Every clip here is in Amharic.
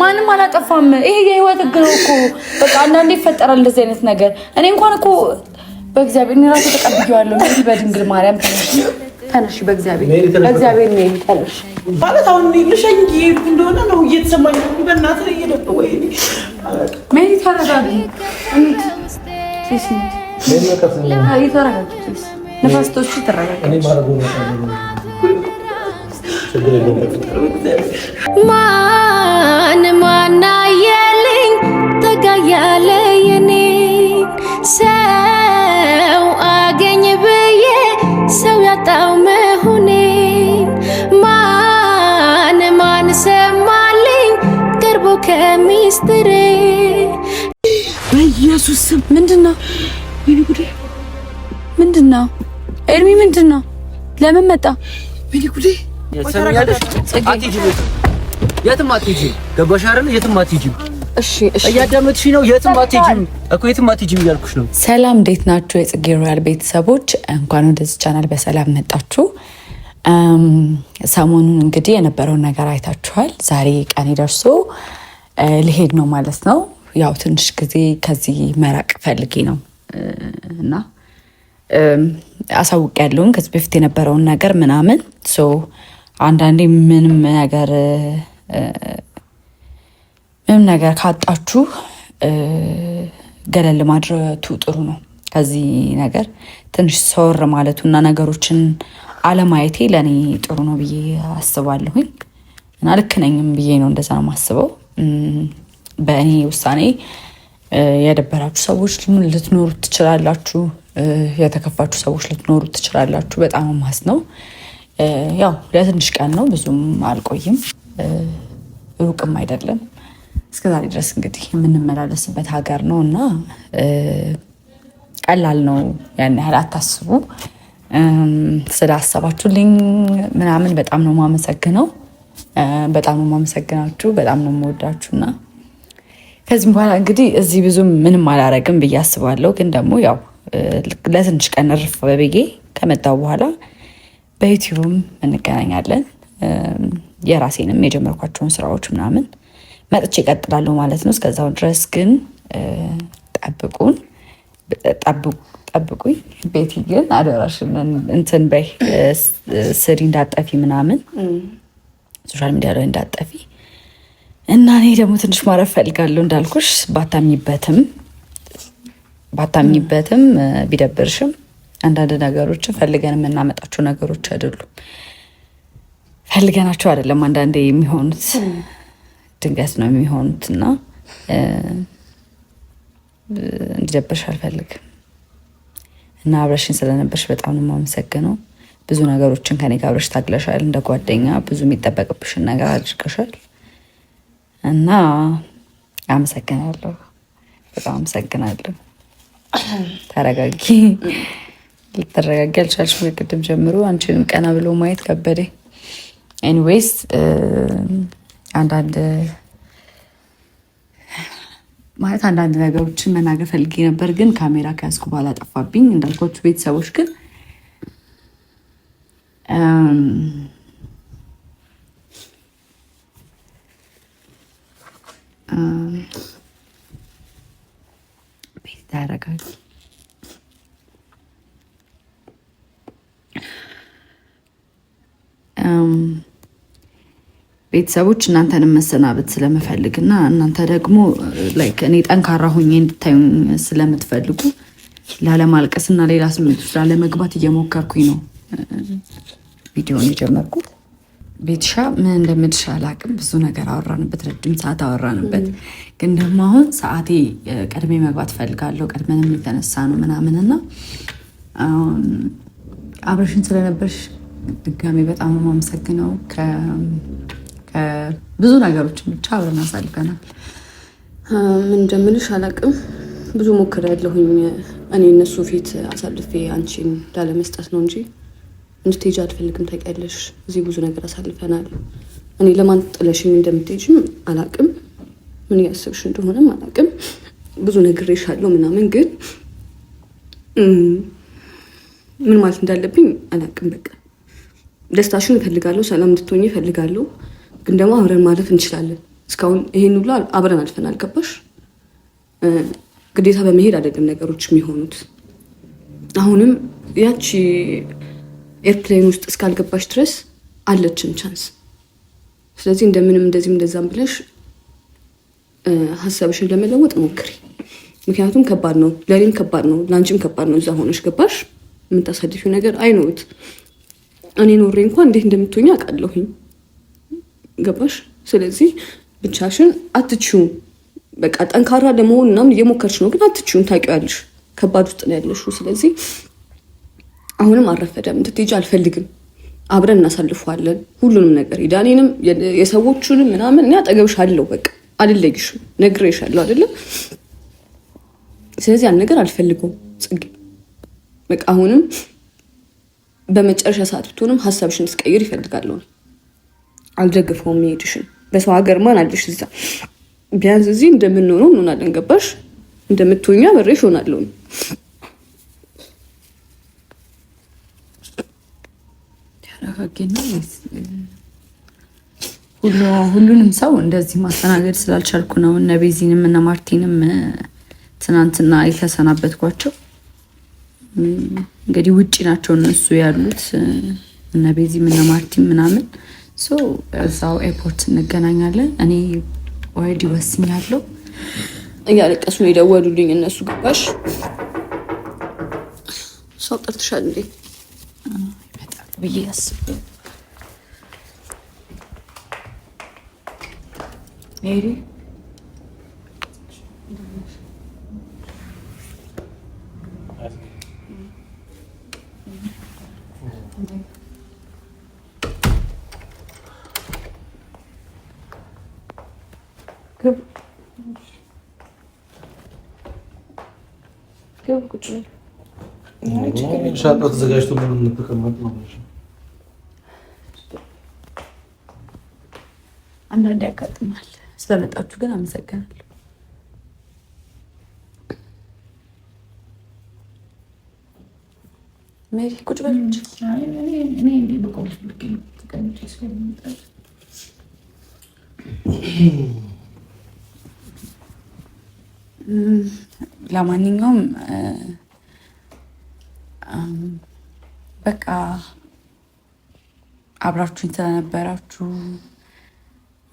ማንም አላጠፋም። ይሄ የህይወት ህግ ነው እኮ በቃ አንዳንዴ ይፈጠራል እንደዚህ አይነት ነገር። እኔ እንኳን እኮ በእግዚአብሔር እኔ እራሱ ተቀብያለሁ። ሜሪ በድንግል ማርያም ተነሽ፣ በእግዚአብሔር በእግዚአብሔር ሜሪ ተነሽ። ማለት አሁን ልሸኝ እየሄድኩ እንደሆነ ነው እየተሰማኝ። በእናትህ ሜሪ ተረጋጊ። ማን ማናየልኝ ጠጋ ተጋያለ የኔን ሰው አገኝ ብዬ ሰው ያጣው መሆኔን ማን ማን ሰማልኝ ቀርቦ ከሚስትሬ በኢየሱስ ስም ምንድን ነው? ወይኔ ጉዴ! ምንድን ነው ኤርሚ? ምንድን ነው? ለምን መጣ? ወይኔ ጉዴ! የትም አትሄጂም። ገባሽ አይደል? የትም አትሄጂም። እሺ፣ እሺ፣ እያዳመጥሽኝ ነው። የትም አትሄጂም እኮ የትም አትሄጂም እያልኩሽ ነው። ሰላም፣ እንዴት ናችሁ የጽጌ ሮያል ቤተሰቦች? እንኳን ወደዚህ ቻናል በሰላም መጣችሁ። ሰሞኑን እንግዲህ የነበረውን ነገር አይታችኋል። ዛሬ ቀኔ ደርሶ ልሄድ ነው ማለት ነው ያው ትንሽ ጊዜ ከዚህ መራቅ ፈልጌ ነው እና አሳውቅ ያለውን ከዚህ በፊት የነበረውን ነገር ምናምን አንዳንዴ ምንም ነገር ምንም ነገር ካጣችሁ ገለል ማድረቱ ጥሩ ነው። ከዚህ ነገር ትንሽ ሰወር ማለቱ እና ነገሮችን አለማየቴ ለእኔ ጥሩ ነው ብዬ አስባለሁኝ እና ልክ ነኝም ብዬ ነው እንደዛ ነው የማስበው። በእኔ ውሳኔ የደበራችሁ ሰዎች ልትኖሩ ትችላላችሁ። የተከፋችሁ ሰዎች ልትኖሩ ትችላላችሁ። በጣም ማስ ነው። ያው ለትንሽ ቀን ነው፣ ብዙም አልቆይም፣ ሩቅም አይደለም። እስከዛሬ ድረስ እንግዲህ የምንመላለስበት ሀገር ነው እና ቀላል ነው። ያን ያህል አታስቡ። ስላሰባችሁልኝ ምናምን በጣም ነው ማመሰግነው። በጣም ነው ማመሰግናችሁ። በጣም ነው የምወዳችሁ እና ከዚህም በኋላ እንግዲህ እዚህ ብዙም ምንም አላረግም ብዬ አስባለሁ። ግን ደግሞ ያው ለትንሽ ቀን እርፍ በብዬ ከመጣው በኋላ በዩቲዩብም እንገናኛለን። የራሴንም የጀመርኳቸውን ስራዎች ምናምን መጥቼ ይቀጥላሉ ማለት ነው። እስከዛው ድረስ ግን ጠብቁን፣ ጠብቁኝ። ቤቲ ግን አደራሽ እንትን በይ ስሪ እንዳጠፊ ምናምን ሶሻል ሚዲያ ላይ እንዳጠፊ እና እኔ ደግሞ ትንሽ ማረፍ ፈልጋለሁ እንዳልኩሽ ባታምኝበትም ባታምኝበትም ቢደብርሽም አንዳንድ ነገሮችን ፈልገን የምናመጣቸው ነገሮች አይደሉም። ፈልገናቸው አይደለም አንዳንዴ የሚሆኑት ድንገት ነው የሚሆኑት እና እንዲደብርሽ አልፈልግም እና አብረሽን ስለነበርሽ በጣም ነው የማመሰግነው። ብዙ ነገሮችን ከኔ ጋር አብረሽ ታግለሻል። እንደ ጓደኛ ብዙ የሚጠበቅብሽን ነገር አድርገሻል። እና አመሰግናለሁ፣ በጣም አመሰግናለሁ። ተረጋጊ። ልትረጋጊ አልቻልሽም ከቅድም ጀምሮ፣ አንቺንም ቀና ብሎ ማየት ከበደ። ኤኒዌይስ አንዳንድ ማለት አንዳንድ ነገሮችን መናገር ፈልጌ ነበር፣ ግን ካሜራ ከያዝኩ በኋላ ጠፋብኝ። እንዳልኳችሁ ቤተሰቦች ግን ቤት ታረጋል። ቤተሰቦች እናንተን መሰናበት ስለምፈልግ እና እናንተ ደግሞ ላይክ እኔ ጠንካራ ሆኜ እንድታዩኝ ስለምትፈልጉ ላለማልቀስ እና ሌላ ስሜት ውስጥ ላለመግባት እየሞከርኩኝ ነው ቪዲዮን የጀመርኩት። ቤትሻ ምን እንደምልሽ አላቅም። ብዙ ነገር አወራንበት፣ ረጅም ሰዓት አወራንበት። ግን ደግሞ አሁን ሰዓቴ ቀድሜ መግባት ፈልጋለሁ። ቀድመን የሚተነሳ ነው ምናምን እና አብረሽን ስለነበርሽ ድጋሜ በጣም የማመሰግነው። ብዙ ነገሮችን ብቻ አብረን አሳልፈናል። ምን እንደምልሽ አላቅም። ብዙ ሞክር ያለሁኝ እኔ እነሱ ፊት አሳልፌ አንቺን ላለመስጠት ነው እንጂ እንድትሄጂ አልፈልግም። ታውቂያለሽ፣ እዚህ ብዙ ነገር አሳልፈናል። እኔ ለማን ጥለሽኝ እንደምትሄጂም አላቅም፣ ምን እያሰብሽ እንደሆነም አላቅም። ብዙ ነግሬሻለሁ ምናምን፣ ግን ምን ማለት እንዳለብኝ አላቅም። በቃ ደስታሽን እፈልጋለሁ፣ ሰላም እንድትሆኝ እፈልጋለሁ። ግን ደግሞ አብረን ማለፍ እንችላለን። እስካሁን ይሄን ሁሉ አብረን አልፈን አልገባሽ። ግዴታ በመሄድ አይደለም ነገሮች የሚሆኑት። አሁንም ያቺ ኤርፕሌን ውስጥ እስካልገባሽ ድረስ አለችም ቻንስ። ስለዚህ እንደምንም እንደዚህም እንደዛም ብለሽ ሀሳብሽን ለመለወጥ ሞክሪ። ምክንያቱም ከባድ ነው፣ ለእኔም ከባድ ነው፣ ለአንቺም ከባድ ነው። እዛ ሆነሽ ገባሽ የምታሳድፊው ነገር አይኖት እኔ ኖሬ እንኳን እንዴት እንደምትሆኝ አውቃለሁኝ። ገባሽ? ስለዚህ ብቻሽን አትችውም። በቃ ጠንካራ ለመሆን ምናምን እየሞከርሽ ነው፣ ግን አትችውም። ታውቂዋለሽ ከባድ ውስጥ ነው ያለሽው። ስለዚህ አሁንም አረፈደም፣ እንድትሄጂ አልፈልግም። አብረን እናሳልፈዋለን ሁሉንም ነገር ዳኔንም የሰዎቹንም ምናምን እኔ በ በቃ አልለይሽም፣ ነግሬሻለሁ አይደለም። ስለዚህ ያን ነገር አልፈልገውም ፅጌ። በቃ አሁንም በመጨረሻ ሰዓት ብትሆንም ሀሳብሽን እስቀይር ይፈልጋለሁ። አልደግፈውም መሄድሽን። በሰው ሀገር ማን አለሽ? እዛ ቢያንስ እዚህ እንደምንሆነው እንሆናለን። ገባሽ? እንደምትሆኛ በሬሽ ሆናለሁ። ሁሉንም ሰው እንደዚህ ማስተናገድ ስላልቻልኩ ነው። እነ ቤዚንም እነ ማርቲንም ትናንትና የተሰናበትኳቸው። እንግዲህ ውጭ ናቸው እነሱ ያሉት እነ ቤዚም እነ ማርቲን ምናምን። እዛው ኤርፖርት እንገናኛለን። እኔ ኦልሬዲ ወስኛለሁ። እያለቀሱ ነው የደወሉልኝ እነሱ። ግባሽ ሰው ጠርትሻል እንዴ? Yes. years. Mary? Go. Go, good. Ну, на አንዳንድ ያጋጥማል። ስለመጣችሁ ግን አመሰግናለሁ። ሜሪ ቁጭ በል ለማንኛውም በቃ አብራችሁኝ ስለነበራችሁ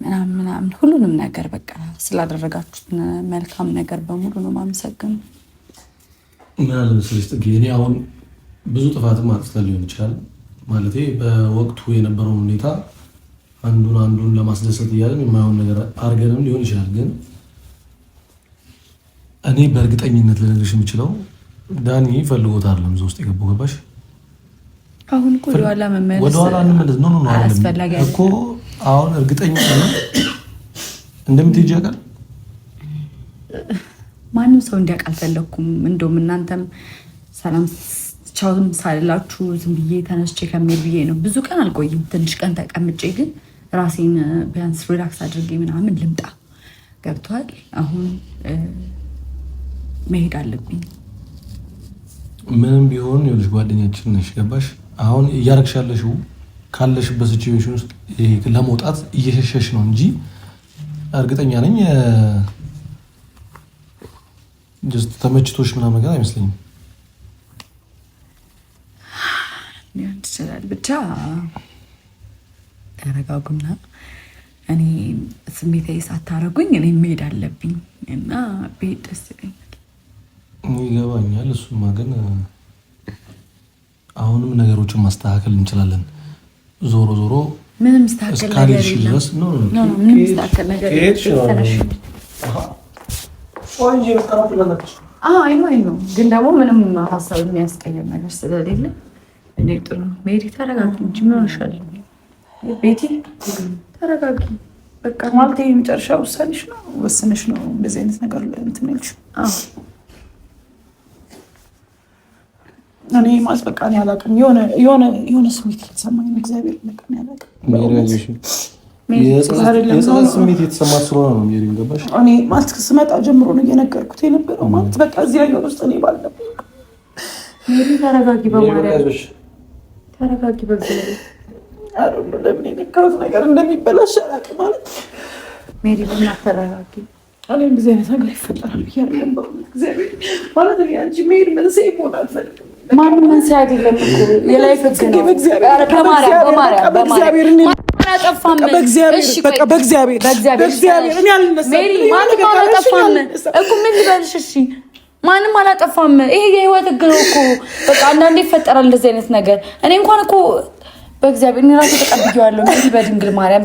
ምናምን ምናምን ሁሉንም ነገር በቃ ስላደረጋችሁት መልካም ነገር በሙሉ ነው ማመሰግን። ምን አለ መሰለሽ ፅጌ፣ እኔ አሁን ብዙ ጥፋትም አጥፍተን ሊሆን ይችላል። ማለት በወቅቱ የነበረውን ሁኔታ አንዱን አንዱን ለማስደሰት እያለን የማይሆን ነገር አድርገንም ሊሆን ይችላል። ግን እኔ በእርግጠኝነት ልነግርሽ የምችለው ዳኒ ፈልጎት አለም እዛ ውስጥ የገባው ገባሽ። አሁን እኮ ወደኋላ መመለስ አላስፈላጊ እኮ አሁን እርግጠኛ እንደምትሄጂ ያውቃል ማንም ሰው እንዲያውቅ አልፈለኩም። እንደውም እናንተም ሰላም ቻውም ሳልላችሁ ዝም ብዬ ተነስቼ ከሚሄድ ብዬ ነው። ብዙ ቀን አልቆይም፣ ትንሽ ቀን ተቀምጬ ግን ራሴን ቢያንስ ሪላክስ አድርጌ ምናምን ልምጣ ገብቷል። አሁን መሄድ አለብኝ። ምንም ቢሆን ይኸውልሽ ጓደኛችን ነሽ፣ ገባሽ? አሁን እያረግሻለሽው ካለሽበት ሲቹዌሽን ውስጥ ለመውጣት እየሸሸሽ ነው እንጂ እርግጠኛ ነኝ ተመችቶሽ ምናምን ነገር አይመስለኝም። ሊሆን ይችላል ብቻ ተረጋጉና፣ እኔ ስሜታዊ ሳታረጉኝ እኔ መሄድ አለብኝ እና ብሄድ ደስ ይለኛል። ይገባኛል። እሱማ ግን አሁንም ነገሮችን ማስተካከል እንችላለን። ዞሮ ዞሮ ምንም ስታከል ድረስ ነው ግን ደግሞ ምንም ሀሳብ የሚያስቀየም ነገር ስለሌለ እኔ ጥሩ ነው። ቤቲ ተረጋጊ እንጂ ምን ሆነሻል? ቤቲ ተረጋጊ። በቃ ማለት የመጨረሻ ውሳኔሽ ነው፣ ወስነሽ ነው እንደዚህ አይነት ነገር እንትን ያልሽው እኔ ማስበቃን ያላቅም የሆነ ስሜት የተሰማኝ ነው። እግዚአብሔር ይመስገን ያላውቅም ስሜት የተሰማ ስለሆነ ነው። ሜሪ ገባሽ? እኔ ማስክ ስመጣ ጀምሮ ነው እየነገርኩት የነበረው ማለት በቃ እዚህ ያየሆን ውስጥ እኔ ባለ ተረጋጊ፣ በማርያም ተረጋጊ። በእግዚአብሔር ለምን የነገሩት ነገር እንደሚበላሽ አላውቅም። ማለት ሜሪ ተረጋጊ። እኔም ጊዜ አይነት ነገር ይፈጠራል ብዬ አይደለም እግዚአብሔር ማለት ያንቺ አንቺ መሄድ መንስኤ መሆን አልፈልግም ማንም መንስኤ አይደለም ማንም አላጠፋም። ይሄ የህይወት ህግ ነው እኮ በቃ አንዳንዴ ይፈጠራል እንደዚህ አይነት ነገር። እኔ እንኳን እኮ በእግዚአብሔር እኔ ራሴ ተቀብያለሁ በድንግል ማርያም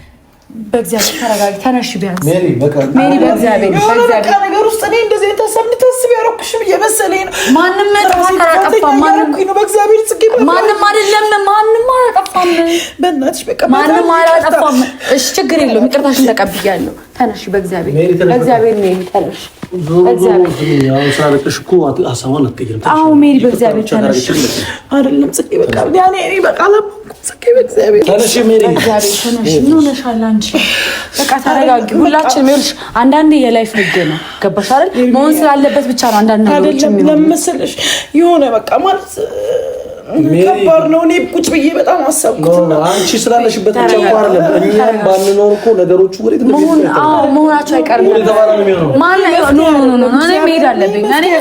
በእግዚአብሔር ተረጋጊ፣ ተነሽ። ቢያንስ ሜሪ በእግዚአብሔር ነገር ውስጥ እኔ እንደዚህ ነው። ማንም ማንም አይደለም፣ ማንም አላጠፋም። ማንም አላጠፋም። ችግር ተነሽ፣ ነው። ተነሽ ሜሪ በእግዚአብሔር ተነሽ። በቃ ሁላችንም አንዳንዴ የላይፍ ህግ ነው። ገባሽ አይደል? መሆን ስላለበት ብቻ ነው። አንዳንድ ነገሮች ለምን መሰለሽ የሆነ በቃ ማለት ከባድ ነው። እኔ ቁጭ ብዬ በጣም አሰብኩት። አንቺ ስላለሽበት ብቻ እኮ እኛም ባንኖር እኮ ነገሮቹ ወዴት መሆናቸው አይቀርም። እኔ መሄድ አለብኝ፣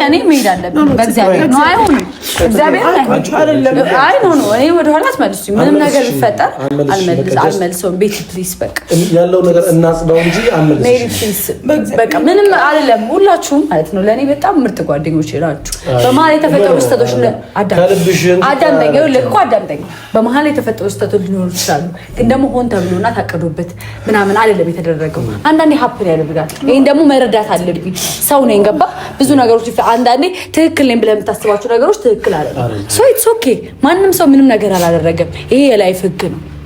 እኔ መሄድ አለብኝ። በእግዚአብሔር ነው። አይሆንም፣ እግዚአብሔር አይ ነው ነው። እኔ ወደኋላ አትመልሱኝ። ምንም ነገር ቢፈጠር አልመልሰውም። ቤቲ ፕሊዝ፣ በቃ ያለው ነገር እናጽዳው እንጂ አልመልሰውም። በቃ ምንም አይደለም። ሁላችሁም ማለት ነው ለእኔ በጣም ምርጥ ጓደኞች ናችሁ። በመሀል የተፈጠሩ ስህተቶች አዳ አዳምጠኝ፣ ይኸውልህ እኮ አዳምጠኝ። በመሀል የተፈጠሩ ስህተቶች ሊኖሩ ይችላሉ፣ ግን ደግሞ ሆን ተብሎና ታቀዶበት ምናምን አይደለም የተደረገው። አንዳንዴ ሀፕን ያደርጋል። ይህን ደግሞ መረዳት አለብኝ። ሰው ነኝ፣ ገባህ? ብዙ ነገሮች አንዳንዴ ትክክል ነኝ ብለህ የምታስባቸው ነገሮች ትክክል አይደለም። ሶ ኢትስ ኦኬ። ማንም ሰው ምንም ነገር አላደረገም። ይሄ የላይፍ ህግ ነው።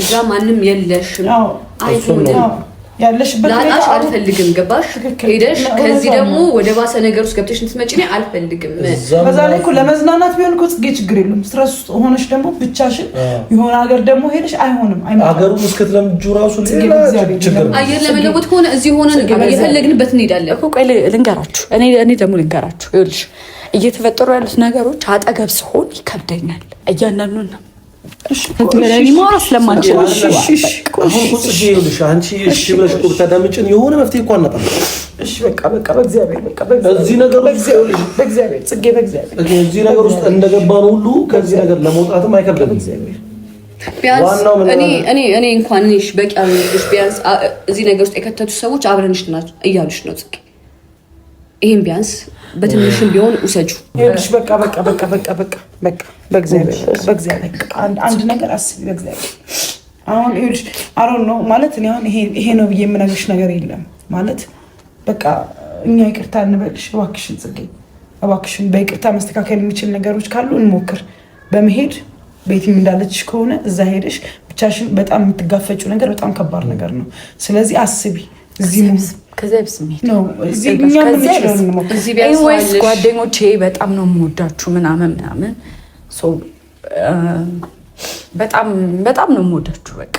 እዛ ማንም የለሽም። ላጣሽ አልፈልግም። ገባሽ ሄደሽ ከዚህ ደግሞ ወደ ባሰ ነገር ውስጥ ገብተሽ እንትመጪ እኔ አልፈልግም። በዛ ላይ እኮ ለመዝናናት ቢሆን እኮ ጽጌ ችግር የለም። ስትረስ ሆነሽ ደግሞ ብቻሽን የሆነ ሀገር ደግሞ ሄደሽ አይሆንም። ሀገሩን እስክትለምጁ ራሱ አየር ለመለወጥ ከሆነ እዚህ ሆነን እየፈለግንበት እንሄዳለን። ቆይ ልንገራችሁ፣ እኔ ደግሞ ልንገራችሁ። ይኸውልሽ እየተፈጠሩ ያሉት ነገሮች አጠገብ ሲሆን ይከብደኛል። እያንዳንዱን ነው የሆነ መፍትሄ እኮ አናጣም። እዚህ ነገር ውስጥ እንደገባን ሁሉ ከዚህ ነገር ለመውጣትም እኔ እንኳን በቂ ቢያንስ እዚህ ነገር ውስጥ የከተቱ ሰዎች አብረንሽ እያሉሽ ነው ጽጌ ይህም ቢያንስ በትንሹም ቢሆን ውሰጁ። ይኸውልሽ በቃ በቃ በቃ በቃ በቃ በቃ በእግዚአብሔር አንድ ነገር አስቢ። በእግዚአብሔር አሁን ይኸውልሽ አሮን ነው ማለት እኔ አሁን ይሄ ነው ብዬ የምነግርሽ ነገር የለም ማለት በቃ እኛ ይቅርታ እንበልሽ እባክሽን፣ ጽጌ እባክሽን፣ በይቅርታ መስተካከል የሚችል ነገሮች ካሉ እንሞክር። በመሄድ ቤትም እንዳለችሽ ከሆነ እዛ ሄደሽ ብቻሽን በጣም የምትጋፈጩ ነገር በጣም ከባድ ነገር ነው። ስለዚህ አስቢ ወይስ ጓደኞቼ በጣም ነው የምወዳችሁ ምናምን ምናምን በጣም በጣም ነው የምወዳችሁ። በቃ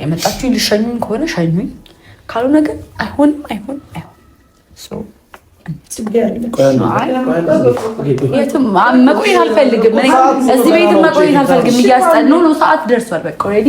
የመጣችሁ ልሸኙኝ ከሆነ ሸኙኝ፣ ካልሆነ ግን አይሆንም አይሆንም የትም መቆየት አልፈልግም። እዚህ ቤትም መቆየት አልፈልግም። እያስጠኑ ነው፣ ሰዓት ደርሷል። በቃ ኦልሬዲ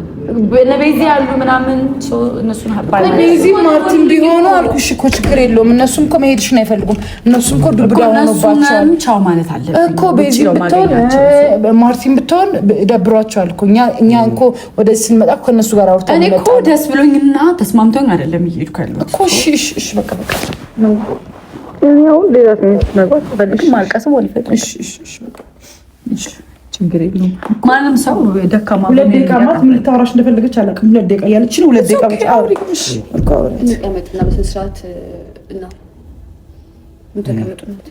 በነቤዚ ያሉ ምናምን እነሱን ሀባል ቤዚ ማርቲን ቢሆኑ አልኩሽ እኮ ችግር የለውም። እነሱም እኮ መሄድሽን አይፈልጉም። እነሱም እኮ ዱብዳ ሆኖባቸዋል ቻው ማለት አለ እኮ ቤዚ ብትሆን ማርቲን ብትሆን ደብሯቸዋል እኮ እኛ እኛ እኮ ወደ ስንመጣ ከእነሱ ጋር አውርታ እኔ እኮ ደስ ብሎኝና ተስማምቶኝ አይደለም እየሄድኩ ያለሁት እኮ እሺ፣ እሺ፣ እሺ በቃ በቃ ሌላ ትንሽ መግባት ማልቀስም ወልፈጥ እሺ፣ እሺ፣ እሺ በቃ እሺ ችግር የለውም። ማንም ሰው ደካማ ሁለት ደቂቃ ማለት ምን ልታወራሽ እንደፈለገች አላውቅም። ሁለት ደቂቃ ያለችን ሁለት ደቂቃ ብቻ እንቀመጥና በስነ ስርዓት እና ተቀመጡነት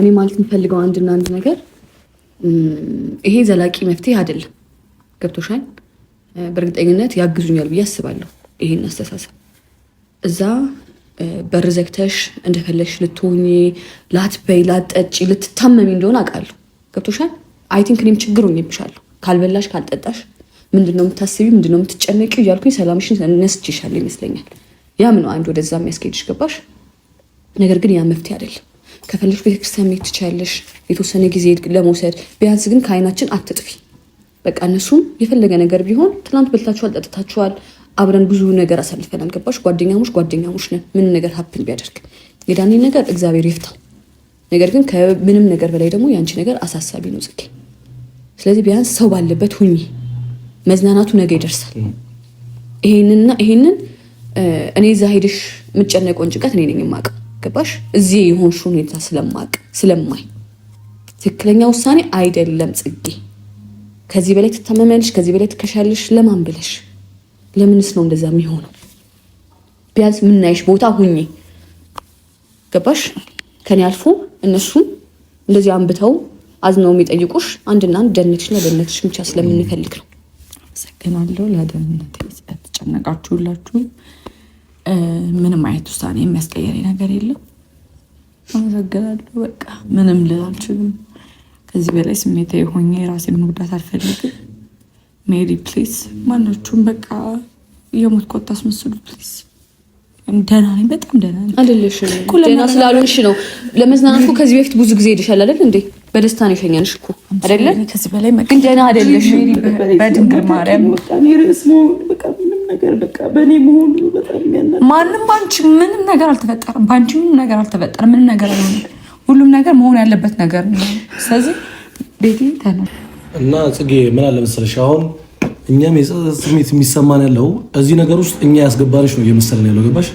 እኔ ማለት የምፈልገው አንድና አንድ ነገር ይሄ ዘላቂ መፍትሄ አይደለም። ገብቶሻል? በእርግጠኝነት ያግዙኛል ብዬ አስባለሁ ይሄን አስተሳሰብ እዛ በር ዘግተሽ እንደፈለግሽ ልትሆኚ ላትበይ፣ ላትጠጪ፣ ልትታመሚ እንደሆነ አውቃለሁ። ገብቶሻል። አይ ቲንክ እኔም ችግር ሆኜብሻለሁ። ካልበላሽ፣ ካልጠጣሽ ምንድነው የምታስቢ? ምንድነው የምትጨነቂው? እያልኩኝ ሰላምሽን ነስቼሻለሁ ይመስለኛል። ያም ነው አንድ ወደዛ የሚያስኬድሽ ገባሽ። ነገር ግን ያ መፍትሄ አይደለም። ከፈለግሽ ቤተክርስቲያን መሄድ ትችያለሽ፣ የተወሰነ ጊዜ ለመውሰድ ቢያንስ ግን ከአይናችን አትጥፊ። በቃ እነሱም የፈለገ ነገር ቢሆን ትናንት በልታችኋል፣ ጠጥታችኋል አብረን ብዙ ነገር አሳልፈናል። ገባሽ? ጓደኛሞች ጓደኛሞች ነን። ምን ነገር ሀፕን ቢያደርግ የዳኒ ነገር እግዚአብሔር ይፍታው። ነገር ግን ከምንም ነገር በላይ ደግሞ የአንቺ ነገር አሳሳቢ ነው ጽጌ። ስለዚህ ቢያንስ ሰው ባለበት ሁኚ። መዝናናቱ ነገ ይደርሳል። ይሄንና ይሄንን እኔ እዛ ሄደሽ የምጨነቀውን ጭንቀት እኔ ነኝ የማውቅ። ገባሽ? እዚህ የሆንሽ ሁኔታ ስለማውቅ ስለማይ ትክክለኛ ውሳኔ አይደለም ጽጌ። ከዚህ በላይ ትታመሚያለሽ፣ ከዚህ በላይ ትከሻለሽ። ለማን ብለሽ ለምንስ ነው እንደዛ የሚሆነው? ቢያንስ የምናይሽ ቦታ ሁኚ። ገባሽ? ከኔ አልፎ እነሱም እንደዚህ አንብተው አዝነው የሚጠይቁሽ አንድና አንድ ደህንነትሽና ደህንነትሽ ብቻ ስለምንፈልግ ነው። አመሰግናለሁ። ለደህንነት ያትጨነቃችሁ ሁላችሁ። ምንም አይነት ውሳኔ የሚያስቀየሪ ነገር የለም። አመሰግናለሁ። በቃ ምንም ልል አልችልም። ከዚህ በላይ ስሜታዊ ሆኜ ራሴን መጉዳት አልፈልግም። ሜሪ ፕሊስ፣ ማናችሁም በቃ የሞትኩ አታስመስሉት ፕሊዝ። ደህና ነኝ፣ በጣም ደህና ነኝ። አይደለሽም እኮ ደህና ስላልሆንሽ ነው። ለመዝናናት እኮ ከዚህ በፊት ብዙ ጊዜ ሄደሻል አይደል እንዴ? በደስታ ነው የሸኛንሽ እኮ አይደለ? ግን ደህና አይደለሽም። በድንግል ማርያም ማንም ባንቺ ምንም ነገር አልተፈጠረም። ባንቺ ምንም ነገር አልተፈጠረም። ምንም ነገር አልሆነም። ሁሉም ነገር መሆን ያለበት ነገር ነው። ስለዚህ ቤቴ እና ጽጌ ምን አለ መሰለሽ አሁን እኛም የጸጸት ስሜት የሚሰማን ያለው እዚህ ነገር ውስጥ እኛ ያስገባንሽ ነው እየመሰለን ያለው ገባሽ?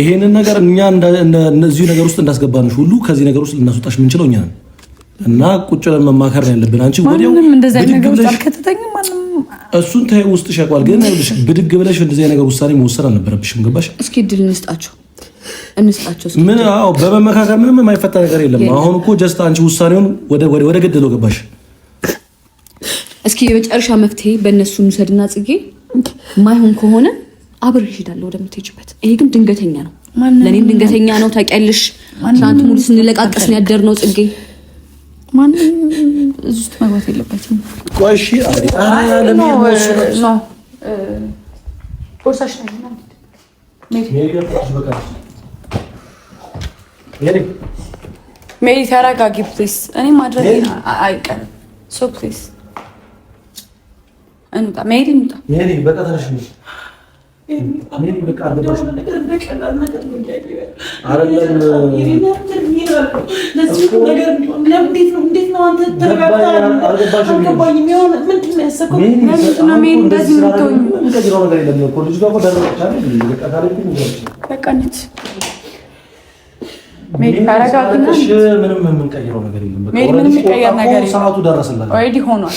ይሄንን ነገር እኛ እዚህ ነገር ውስጥ እንዳስገባንሽ ሁሉ ከዚህ ነገር ውስጥ ልናስወጣሽ የምንችለው እኛ ነን እና ቁጭ ብለን መማከር ነው ያለብን። አንቺ እሱን ተይው፣ ውስጥ ሸቋል። ግን ብድግ ብለሽ እንደዚህ ነገር ውሳኔ መወሰን አልነበረብሽም። ገባሽ? እስኪ ድል እንስጣቸው እንስጣቸው ምን በመመካከር ምንም የማይፈታ ነገር የለም። አሁን እኮ ጀስት አንቺ ውሳኔውን ወደ ገደለው ገባሽ እስኪ የመጨረሻ መፍትሄ በእነሱ እንውሰድና ጽጌ ማይሆን ከሆነ አብር ይሄዳለሁ ወደምትሄጅበት። ይሄ ግን ድንገተኛ ነው፣ ለእኔም ድንገተኛ ነው። ታውቂያለሽ፣ ትናንት ሙሉ ስንለቃቀስ ነው ያደርነው። ጽጌ ማንም እዚህ ውስጥ መግባት የለበትም። ሜሪ ተረጋጊ ፕሊስ። እኔ ማድረግ አይቀርም ሶ ፕሊስ እንውጣ፣ መሄድ እንውጣ። በቃ ተነሽ። ምንም የምንቀይረው ነገር የለም። ሰዓቱ ደረሰላችሁ፣ ኦልሬዲ ሆኗል።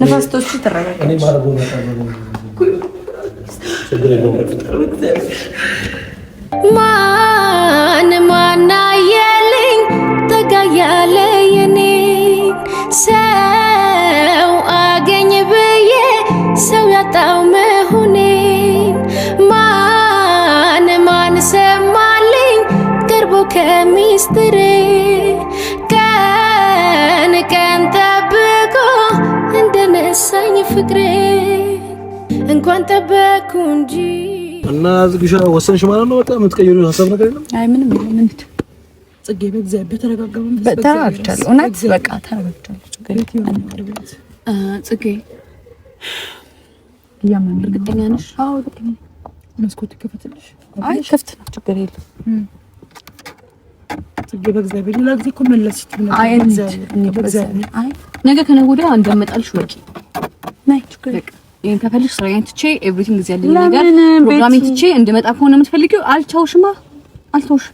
ነፋስቶቹ ማን ማናየልኝ የልኝ ተጋያለ የኔ ሰው አገኝ ብዬ ሰው ያጣው መሆኔን ማን ማን ሰማልኝ ቀርቦ ከሚስትሬ እንኳን ጠበቅኩ እንጂ እና ዝግሻ ወሰንሽ ማለት ነው። በጣም የምትቀይሩ ሀሳብ ነገር የለም። አይ ምንም ምንም ጽጌ በእግዚአብሔር ተረጋጋሁ። ተረጋግቻለሁ። እውነት በቃ ተረጋግቻለሁ። ጽጌ እያመን እርግጠኛ ነሽ? አዎ እርግጠኛ። መስኮት ይከፈትልሽ? አይ ክፍት ነው፣ ችግር የለም። ጽጌ በእግዚአብሔር ሌላ ጊዜ እኮ መለስሽ ነገ ከነገ ወዲያ እንደመጣልሽ ወቂ ነይ፣ ችግር የለም ይሄን ከፈልሽ ስራዬን ትቼ ኤቭሪቲንግ እዚህ ያለኝ ነገር ፕሮግራሜን ትቼ እንድመጣ ከሆነ የምትፈልጊው አልቻውሽማ፣ አልቻውሽ።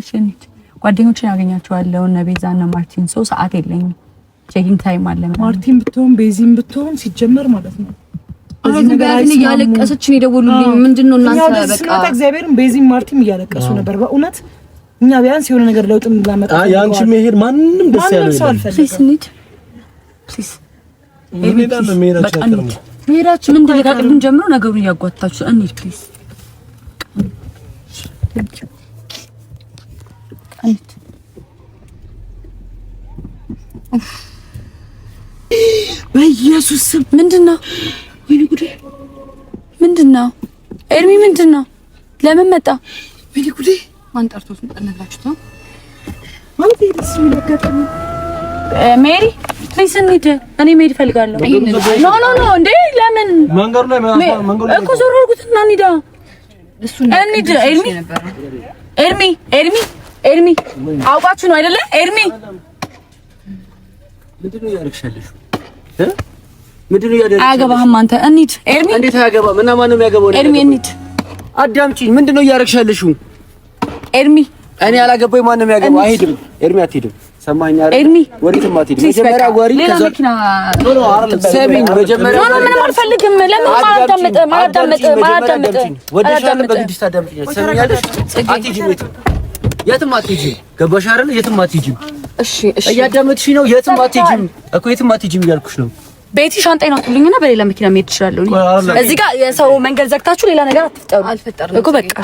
እሺ እንት ጓደኞችን ያገኛቸዋለሁ እነ ቤዛ እነ ማርቲን። ሰው ሰዓት የለኝም፣ ቼኪንግ ታይም አለ። ማርቲን ብትሆን ቤዚን ብትሆን ሲጀመር ማለት ነው እዚህ እያለቀሰችን የደወሉልኝ ምንድን ነው እናንተ እግዚአብሔርም እግዚአብሔርን ቤዚን ማርቲን እያለቀሱ ነበር በእውነት እኛ ቢያንስ የሆነ ነገር ለውጥ ላመጣ ያንቺ መሄድ ማንም ደስ ያለው ይላል። ፕሊስ እንሂድ፣ ፕሊስ እንሂድ። መሄዳችሁ ምን እንደዚህ ከቅድም ጀምሮ ነገሩን እያጓታችሁ እንሂድ ፕሊዝ። በኢየሱስ ስም ምንድነው? ወይኔ ጉዴ! ምንድነው? ኤርሚ ምንድነው? ለምን መጣ? ወይኔ ጉዴ! ማን ጠርቶት ነው? ሜሪ ፕሊስ እንሂድ። እኔ መሄድ እፈልጋለሁ። ኖ ኖ ኖ እንዴ! ለምን መንገዱ ላይ መንገዱ ላይ እኮ ዞር አድርጉትና እንሂዳ። እንሂድ። ኤርሚ ኤርሚ ኤርሚ ኤርሚ አውቃችሁ ነው አይደለ? ኤርሚ ምንድን ነው ያደርግሻለሽ? ምንድን ነው ያደርግሻለሽ? አያገባህም አንተ። እንሂድ ኤርሚ። እንዴት አያገባም? እና ማን ነው የሚያገባው? ኤርሚ እንሂድ። አዳምጪኝ። ምንድን ነው ያደርግሻለሽ? ኤርሚ እኔ አላገባኝ። ማን ነው የሚያገባው? አይሄድም። ኤርሚ አትሄድም ሰማኝ ነው። ቤቲ በሌላ መኪና መሄድ እችላለሁ። እዚህ ጋር የሰው መንገድ ዘግታችሁ ሌላ ነገር አትፍጠሩ እኮ በቃ